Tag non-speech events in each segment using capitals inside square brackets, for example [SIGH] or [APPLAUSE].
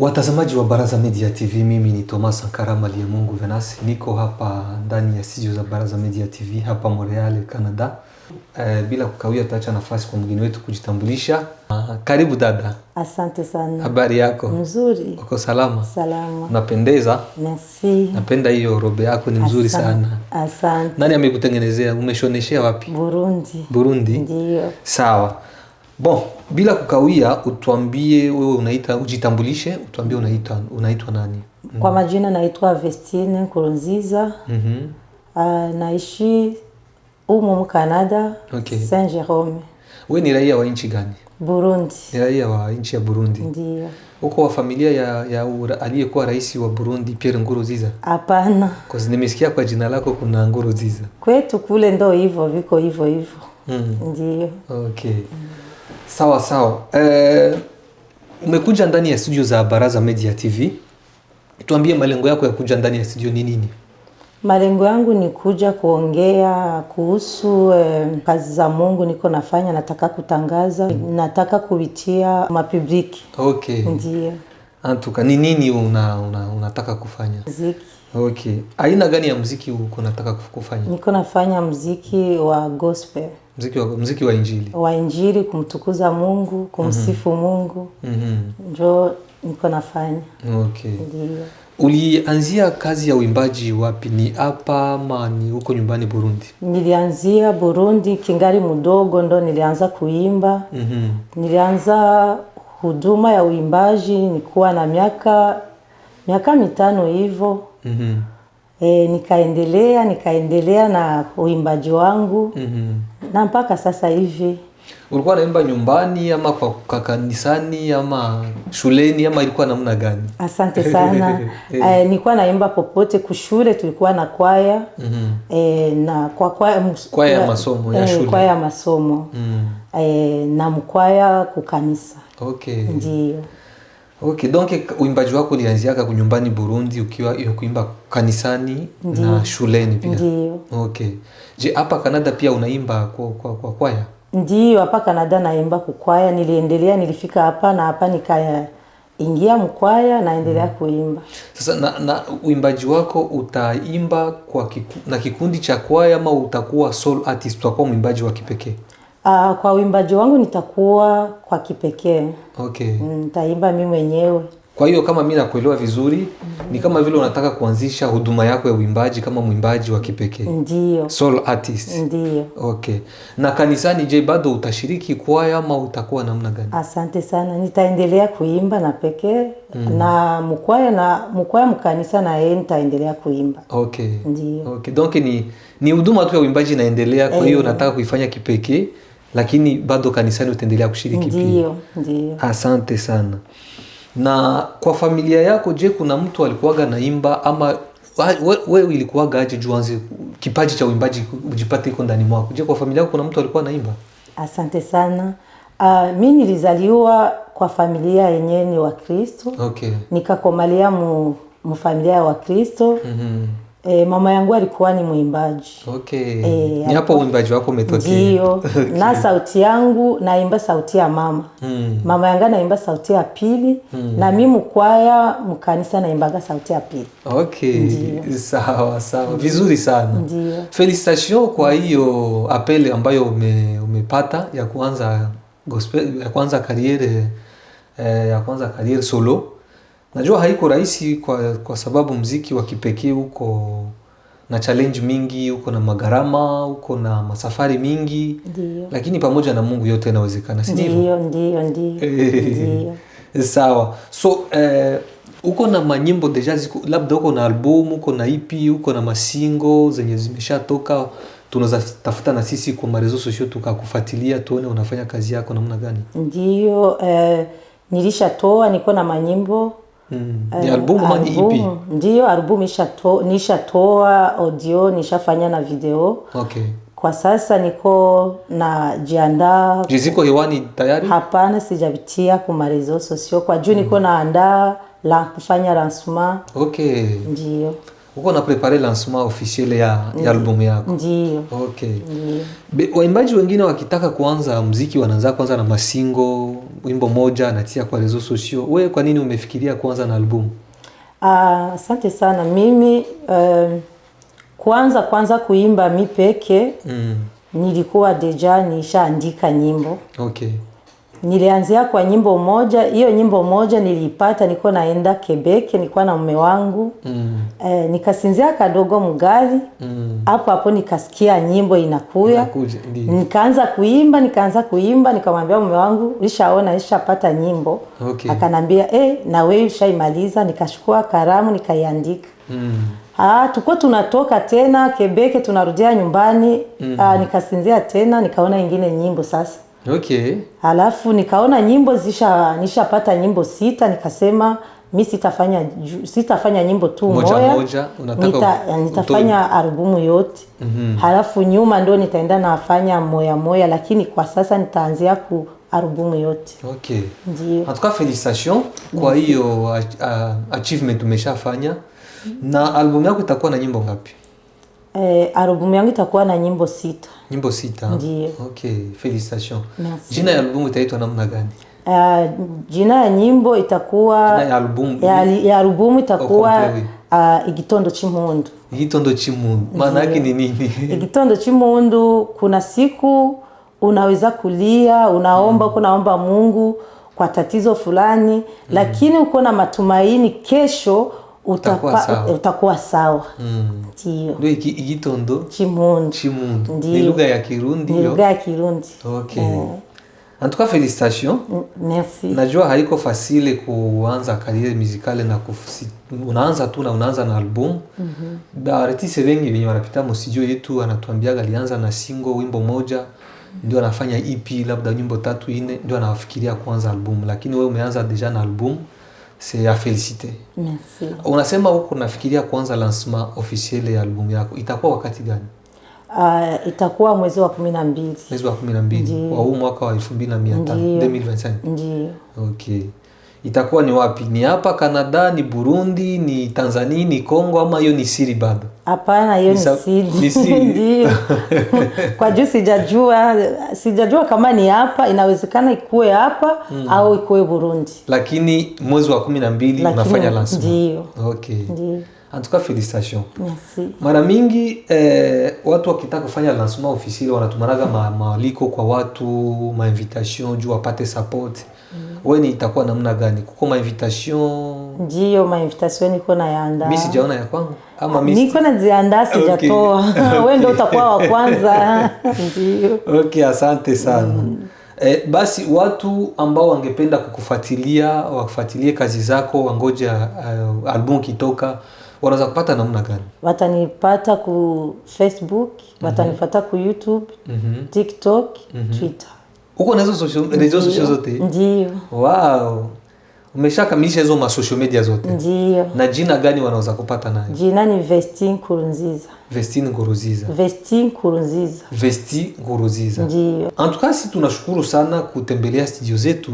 Watazamaji wa Baraza Media TV, mimi ni Thomas Sankara Malia Mungu Venasi, niko hapa ndani ya studio za Baraza Media TV hapa Montreal, Canada. E, bila kukawia tutaacha nafasi kwa mgeni wetu kujitambulisha. Ah, karibu dada. Asante sana. Habari yako? Mzuri. Uko salama? Salama. Napendeza? Merci. Napenda hiyo robe yako ni mzuri Asante sana. Asante. Nani amekutengenezea? Umeshoneshea wapi? Burundi. Burundi? Ndiyo. Sawa. Bon, bila kukawia, utuambie wewe unaita, ujitambulishe, utuambie unaitwa unaitwa nani? Mm. Kwa majina naitwa Vestine Nkurunziza. mm Uh, naishi umu mu Canada. Okay. Saint Jerome. Wewe ni raia wa nchi gani? Burundi. Ni raia wa nchi ya Burundi. Ndio. Uko wa familia ya, ya aliyekuwa rais wa Burundi Pierre Nkurunziza? Hapana. Kwa sababu nimesikia kwa jina lako kuna Nkurunziza. Kwetu kule ndo hivyo viko hivyo hivyo. Mhm. Ndio. Okay. Mm. Sawa sawa. Eh, umekuja ndani ya studio za Baraza Media TV, tuambie malengo yako ya kuja ndani ya studio ni nini? Malengo yangu ni kuja kuongea kuhusu eh, kazi za Mungu niko nafanya, nataka kutangaza, nataka kuitia mapibliki Okay. Ndio. Antuka, ni nini una, una, unataka kufanya? Muziki. Okay. Aina gani ya muziki uko nataka kufanya? Niko nafanya muziki wa gospel mziki wa, mziki wa Injili, wa Injili, kumtukuza Mungu, kumsifu mm -hmm. Mungu mm -hmm. njo niko nafanya. Okay. Ulianzia kazi ya uimbaji wapi? Ni hapa ama ni huko nyumbani Burundi? Nilianzia Burundi kingari mdogo, ndo nilianza kuimba mm -hmm. Nilianza huduma ya uimbaji nikuwa na miaka miaka mitano hivyo mm -hmm. E, nikaendelea nikaendelea na uimbaji wangu mm -hmm. na mpaka sasa hivi. Ulikuwa naimba nyumbani ama kwa kanisani ama shuleni ama ilikuwa namna gani? Asante [LAUGHS] sana e, nilikuwa naimba popote. Kushule tulikuwa na kwaya mm -hmm. e, na kwa kwaya, kwaya ya masomo ya shule. Kwaya ya masomo mm. e, na mkwaya kukanisa. Okay. Ndiyo. Okay, donc uimbaji wako ulianziaka kunyumbani Burundi ukiwa kuimba kanisani Ndiyo. na shuleni pia. Ndiyo. Okay. Je, hapa Kanada pia unaimba kwa, kwa, kwa kwaya? Ndiyo, hapa Kanada naimba kwa kwaya, niliendelea nilifika hapa na hapa nikaya ingia mkwaya naendelea hmm, kuimba. Sasa na, na uimbaji wako utaimba kwa kiku, na kikundi cha kwaya ama utakuwa solo artist, utakuwa mwimbaji wa kipekee? Uh, kwa uimbaji wangu nitakuwa kwa kipekee. Okay. Mm, nitaimba mimi mwenyewe. Kwa hiyo kama mimi nakuelewa vizuri, mm -hmm. Ni kama vile unataka kuanzisha huduma yako ya uimbaji kama mwimbaji wa kipekee. Ndio. Soul artist. Ndio. Okay. Na kanisani, je, bado utashiriki kwaya ama utakuwa namna gani? Asante sana. Nitaendelea kuimba na pekee mm -hmm. na mkwaya na mkwaya mkanisa na yeye nitaendelea kuimba. Okay. Ndio. Okay. Donc ni ni huduma tu ya uimbaji inaendelea, kwa hiyo eh. unataka kuifanya kipekee lakini bado kanisani utaendelea kushiriki pia. Asante sana. Na kwa familia yako, je, kuna mtu alikuwaga naimba ama wewe ilikuwaga aje juanze kipaji cha uimbaji ujipate iko ndani mwako? Je, kwa familia yako kuna mtu alikuwa naimba? Asante sana. Uh, mi nilizaliwa kwa familia yenyewe ni Wakristo. Okay. Nikakomalia mu, mfamilia ya Wakristo. mm -hmm. E, mama yangu alikuwa ni mwimbaji. Okay. E, ni hapo uimbaji wako umetokea. Ndio. [LAUGHS] Okay. Na sauti yangu naimba sauti ya mama. Mm. Mama yangu anaimba sauti ya pili mm. Na mimi mkwaya mkanisa naimbaga sauti ya pili. Okay. Ndiyo. Sawa sawa. Vizuri sana. Ndio. Felicitation kwa hiyo apele ambayo ume, umepata ya kuanza gospel ya kuanza kariere eh, ya kuanza kariere solo. Najua haiko rahisi kwa, kwa sababu mziki wa kipekee huko na challenge mingi, uko na magharama, uko na masafari mingi ndiyo. Lakini pamoja na Mungu yote inawezekana, si ndivyo? Ndiyo, ndiyo. Eh, [LAUGHS] sawa, so eh, uko na manyimbo deja ziko, labda uko na albumu, uko na EP, uko na masingo zenye zimeshatoka, tunaweza tafuta na sisi kwa marezo sosio tukakufuatilia, tuone unafanya kazi yako namna gani? Ndiyo, eh, nilishatoa niko na manyimbo Mm. Uh, albumu ni EP. Ndio, albumu nishatoa audio nishafanya na video. Okay. Kwa sasa niko najiandaa. Jiziko hewani tayari? Hapana, sijavitia kuma reseaux kwa juu niko mm. naandaa la kufanya lancement. Okay. Ndio uko na prepare lancement officiel ya, ya albumu yako? Ndio. Okay. Waimbaji wengine wakitaka kuanza mziki wanaanza kwanza na masingo, wimbo moja anatia kwa rezo sosio. We kwa nini umefikiria kuanza na albumu? Ah, asante uh, sana mimi uh, kwanza kwanza kuimba mi peke mm. Nilikuwa deja nishaandika nyimbo okay. Nilianzia kwa nyimbo moja. Hiyo nyimbo moja niliipata nilikuwa naenda Kebeke, nilikuwa na mume wangu mm. E, nikasinzia kadogo mgali mm. hapo mm. hapo nikasikia nyimbo inakuya, nikaanza kuimba, nikaanza kuimba, nikamwambia mume wangu lishaona, lishapata nyimbo okay. Akanambia e, na wewe ushaimaliza. Nikashukua karamu nikaiandika mm. Ah, tuko tunatoka tena Kebeke tunarudia nyumbani mm. Ah, nikasinzia tena nikaona ingine nyimbo sasa Okay. Halafu nikaona nyimbo zisha nishapata nyimbo sita, nikasema mi sitafanya sitafanya nyimbo tu moja, moja, moja. Nita, nitafanya albumu yote mm -hmm. Halafu nyuma ndo nitaenda nafanya moya moya, lakini kwa sasa nitaanzia ku albumu yote. Okay. Ndio. En tout cas felicitations kwa hiyo achievement umeshafanya. Na albumu yako itakuwa na nyimbo ngapi? Eh, albumu yangu itakuwa na nyimbo sita. Nyimbo sita? Ndiyo. Okay, felicitations. Merci. Jina ya albumu itaitwa namna gani? Uh, jina ya nyimbo itakuwa jina ya albumu, ya, ya albumu oh, itakuwa uh, igitondo chimundu. Igitondo chimundu. Maana yake ni nini? igitondo chimundu, kuna siku unaweza kulia, unaomba mm. kunaomba Mungu kwa tatizo fulani mm. lakini uko na matumaini kesho utakuwa sawa, utakuwa mm. Ndio igitondo chimundu ni lugha ya Kirundi, ni lugha ya Kirundi. Okay. Mm. Eh. En tout cas, félicitations. Merci. Najua haiko fasile kuanza kariere musicale na kufusi, unaanza tu na unaanza na album. Mm -hmm. Ba artiste wengi wenye wanapita mstudio yetu anatuambiaga alianza na single wimbo moja ndio anafanya EP labda nyimbo tatu ine, ndio anafikiria kuanza album, lakini wewe umeanza deja na album c'est à felicite. Merci. Unasema huko nafikiria kuanza lancement officiel ya albumu yako itakuwa wakati gani? Uh, itakuwa mwezi wa kumi mwezi wa kumi wa huu mwaka wa elfu mbili 2025. Ndio. Okay. Itakuwa ni wapi? Ni hapa Canada, ni Burundi, ni Tanzania, ni Kongo ama hiyo ni siri bado? Hapana, hiyo ni siri. [LAUGHS] Ndio. [LAUGHS] Kwa juu sijajua, sijajua kama ni hapa, inawezekana ikuwe hapa mm. au ikuwe Burundi, lakini mwezi wa 12 unafanya lancement. Ndio. Okay. Ndio. En tout cas félicitations. Merci. Mara mingi eh, watu wakitaka kufanya lancement officiel wanatumanaga ma, maaliko kwa watu ma invitation juu wapate support mm. Weni itakuwa namna gani? Kuko ma mainvitation? Ndio, invitation niko na yanda. Mimi sijaona ya kwangu ama mimi niko najiandaa [LAUGHS] sijatoa. Okay. [LAUGHS] [LAUGHS] Wewe ndio utakuwa wa kwanza. Ndio. Okay, asante sana. Mm. E, basi watu ambao wangependa kukufuatilia wafuatilie kazi zako, wangoja uh, albumu kitoka, wanaweza kupata namna gani? Watanipata ku Facebook, mhm. watanipata ku YouTube, mm -hmm. TikTok, mm -hmm. Twitter. Uko nazo social, media zote? Ndio. Wow. Umeshakamilisha hizo ma social media zote? Ndiyo. Na jina gani wanaweza kupata nayo? Jina ni Vesti Nkurunziza. Vesti Nkurunziza. Vesti Nkurunziza. Vesti Nkurunziza. Ndiyo. Antukaa si tunashukuru sana kutembelea studio zetu,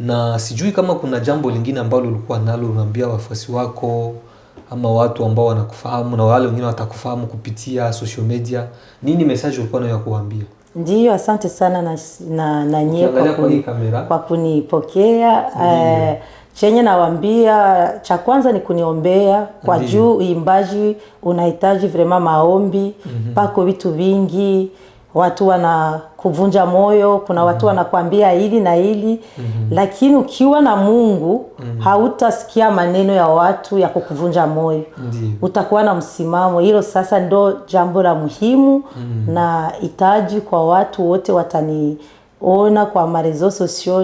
na sijui kama kuna jambo lingine ambalo ulikuwa nalo unaambia wafuasi wako ama watu ambao wanakufahamu na wale wengine watakufahamu kupitia social media. Nini message ulikuwa nayo ya kuambia? Ndiyo, asante sana na, na, na nyie kwa, kuni, kwa kunipokea eh, chenye nawambia cha kwanza ni kuniombea kwa juu uimbaji unahitaji vrema maombi mm -hmm. Pako vitu vingi watu wana kuvunja moyo, kuna watu mhm. wanakwambia hili na hili mm -hmm. Lakini ukiwa na Mungu mm -hmm. hautasikia maneno ya watu ya kukuvunja moyo mm -hmm. Utakuwa na msimamo. Hilo sasa ndo jambo la muhimu mm -hmm. na hitaji kwa watu wote wataniona kwa marezo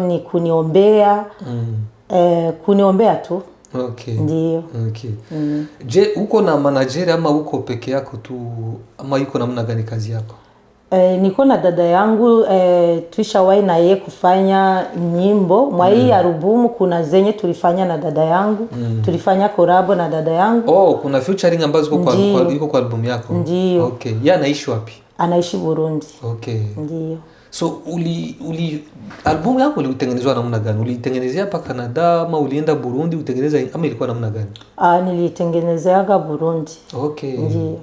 ni kuniombea mm -hmm. eh, kuniombea tu Okay. Ndiyo. Okay. Mm -hmm. Je, uko na manajeri ama uko peke yako tu ama iko namna gani kazi yako? E, niko na dada yangu e, eh, tuishawahi na yeye kufanya nyimbo mwa hii mm. arubumu kuna zenye tulifanya na dada yangu mm. tulifanya korabo na dada yangu. Oh, kuna featuring ambazo kwa, kwa, kwa albumu yako. Ndio. Okay. Yeye anaishi wapi? Anaishi Burundi. Okay. Ndio. So uli, uli albumu yako ulitengenezwa namna gani? Ulitengenezea hapa Canada ama ulienda Burundi utengeneza ama ilikuwa namna gani? Ah, nilitengenezeaga Burundi. Okay. Ndio.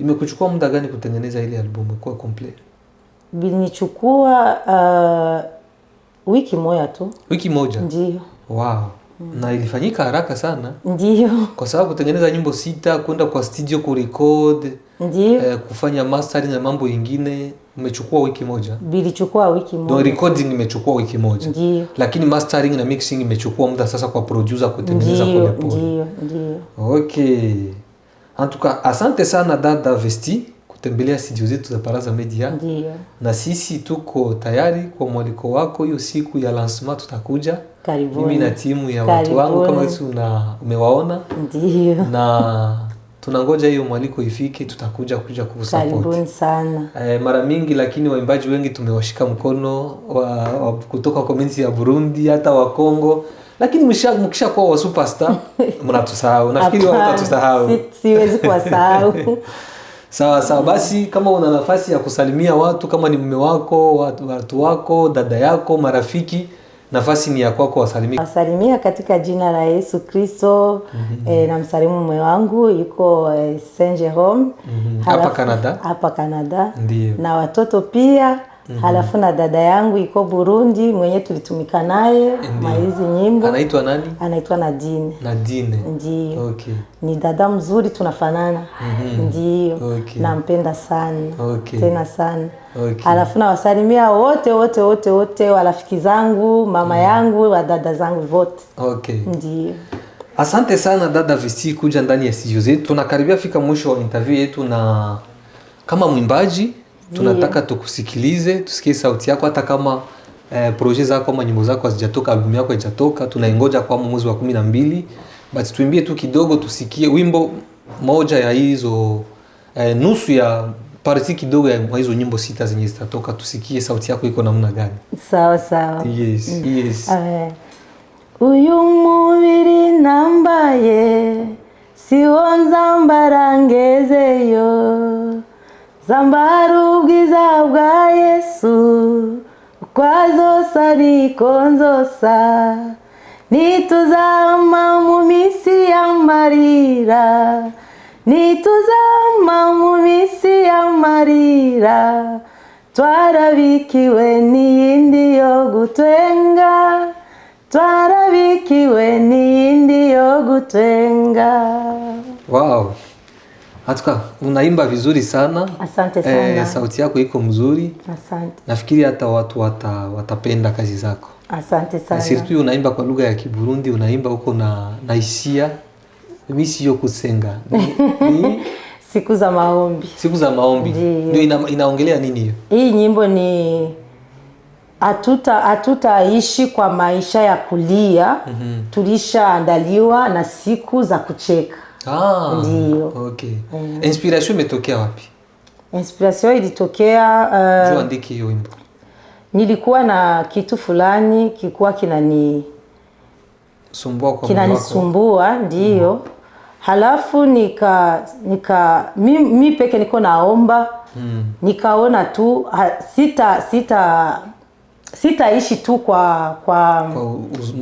Imekuchukua muda gani kutengeneza ile albumu kwa complete? Binichukua uh, wiki moja tu. Wiki moja? ndio? Wow. Mm. Na ilifanyika haraka sana. ndio, Kwa sababu kutengeneza nyimbo sita, kwenda kwa studio kurecord, ndio, eh, kufanya mastering na mambo ingine umechukua wiki moja. Bilichukua wiki moja. Ndio recording imechukua wiki moja. Ndiyo. Lakini mastering na mixing imechukua muda sasa kwa producer kutengeneza pole pole. Ndiyo, ndiyo. Okay. Antuka, asante sana dada Vesti kutembelea studio zetu za Baraza Media. Ndiyo. Na sisi tuko tayari kwa mwaliko wako, hiyo siku ya lancement tutakuja. Karibuni. Mimi na timu ya watu wangu kama una umewaona. Ndiyo. Na tunangoja hiyo mwaliko ifike, tutakuja kuja kukusupport. Karibuni sana. Eh, mara mingi lakini waimbaji wengi tumewashika mkono wa, wa, kutoka community ya Burundi hata wa Kongo lakini mkisha kuwa wa superstar [LAUGHS] mnatusahau nafikiri watatusahau siwezi kuwasahau [LAUGHS] sawa sawa basi kama una nafasi ya kusalimia watu kama ni mume wako watu, watu wako dada yako marafiki nafasi ni ya kwako wasalimia wasalimia katika jina la yesu kristo mm-hmm. e, namsalimu mume wangu yuko e, saint jerome mm-hmm. hapa canada hapa na watoto pia mm -hmm. Halafu na dada yangu iko Burundi mwenye tulitumika naye maizi nyimbo. Anaitwa nani? Anaitwa Nadine. Nadine. Ndio. Okay. Ni dada mzuri tunafanana. mm -hmm. Ndio. Okay. Nampenda sana. Okay. Tena sana. Okay. Halafu wasalimia wote wote wote wote warafiki zangu, mama mm -hmm. yangu, dada zangu wote. Okay. Ndio. Asante sana dada Visi kuja ndani ya studio zetu. Tunakaribia fika mwisho wa interview yetu na kama mwimbaji tunataka tukusikilize, tusikie sauti yako, hata kama eh, proje zako ama nyimbo zako hazijatoka, albumu yako haijatoka, tunaingoja kwa mwezi wa kumi na mbili, but tuimbie tu kidogo, tusikie wimbo moja ya hizo eh, nusu ya parti kidogo ya hizo nyimbo sita zenye zitatoka, tusikie sauti yako iko namna gani? Sawa sawa. Yes, mm. Yes. Uyu mubiri nambaye siwonza nzambara zambara ubwiza bwa yesu uko azosa ariko nzosa nituzama mu ya marira nituzama mu ya marira twarabikiwe n'iyindi yo gutwenga twarabikiwe n'iyindi yo gutwenga wow Hatuka, unaimba vizuri sana. Asante eh, sana. Eh, sauti yako iko mzuri. Asante. Nafikiri hata watu wata, watapenda kazi zako. Asante eh, sana. Sirtu unaimba kwa lugha ya Kiburundi, unaimba huko na na hisia. Mimi sio kusenga. Ni [LAUGHS] siku za maombi. Siku za maombi. Ndio ina, inaongelea nini hiyo? Hii nyimbo ni hatuta hatutaishi kwa maisha ya kulia. Mm -hmm. Tulishaandaliwa na siku za kucheka. Ah, Okay. Oh. inspiration imetokea wapi? Inspiration ilitokea uh, andiki hiyo wimbo. Nilikuwa na kitu fulani kilikuwa kinani sumbua kwa kinanisumbua, ndiyo mm. Halafu nika nika mi, mi peke niko naomba mm. Nikaona tu ha, sita sita sitaishi tu kwa kwa, kwa,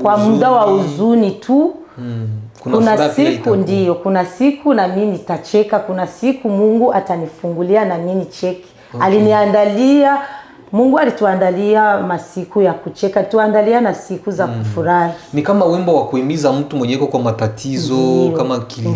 kwa muda wa huzuni tu mm kuna, kuna siku ndio, kuna siku na mimi nitacheka, kuna siku Mungu atanifungulia na mimi cheki. Okay. Aliniandalia Mungu alituandalia masiku ya kucheka, tuandalia na siku za mm. kufurahi. Ni kama wimbo wa kuhimiza mtu mwenye kwa matatizo ndiyo, kama kilio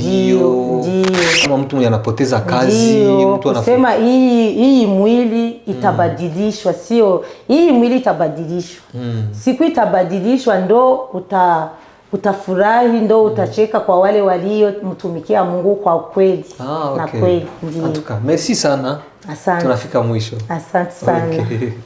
ndiyo, kama mtu mwenye anapoteza kazi ndiyo, mtu anasema hii hii mwili itabadilishwa mm. sio hii mwili itabadilishwa mm. siku itabadilishwa ndo uta utafurahi ndo mm. utacheka kwa wale waliomtumikia Mungu kwa kweli. Ah, okay. Na kweli ndio. Merci sana. Asante. Tunafika mwisho. Asante sana. Okay.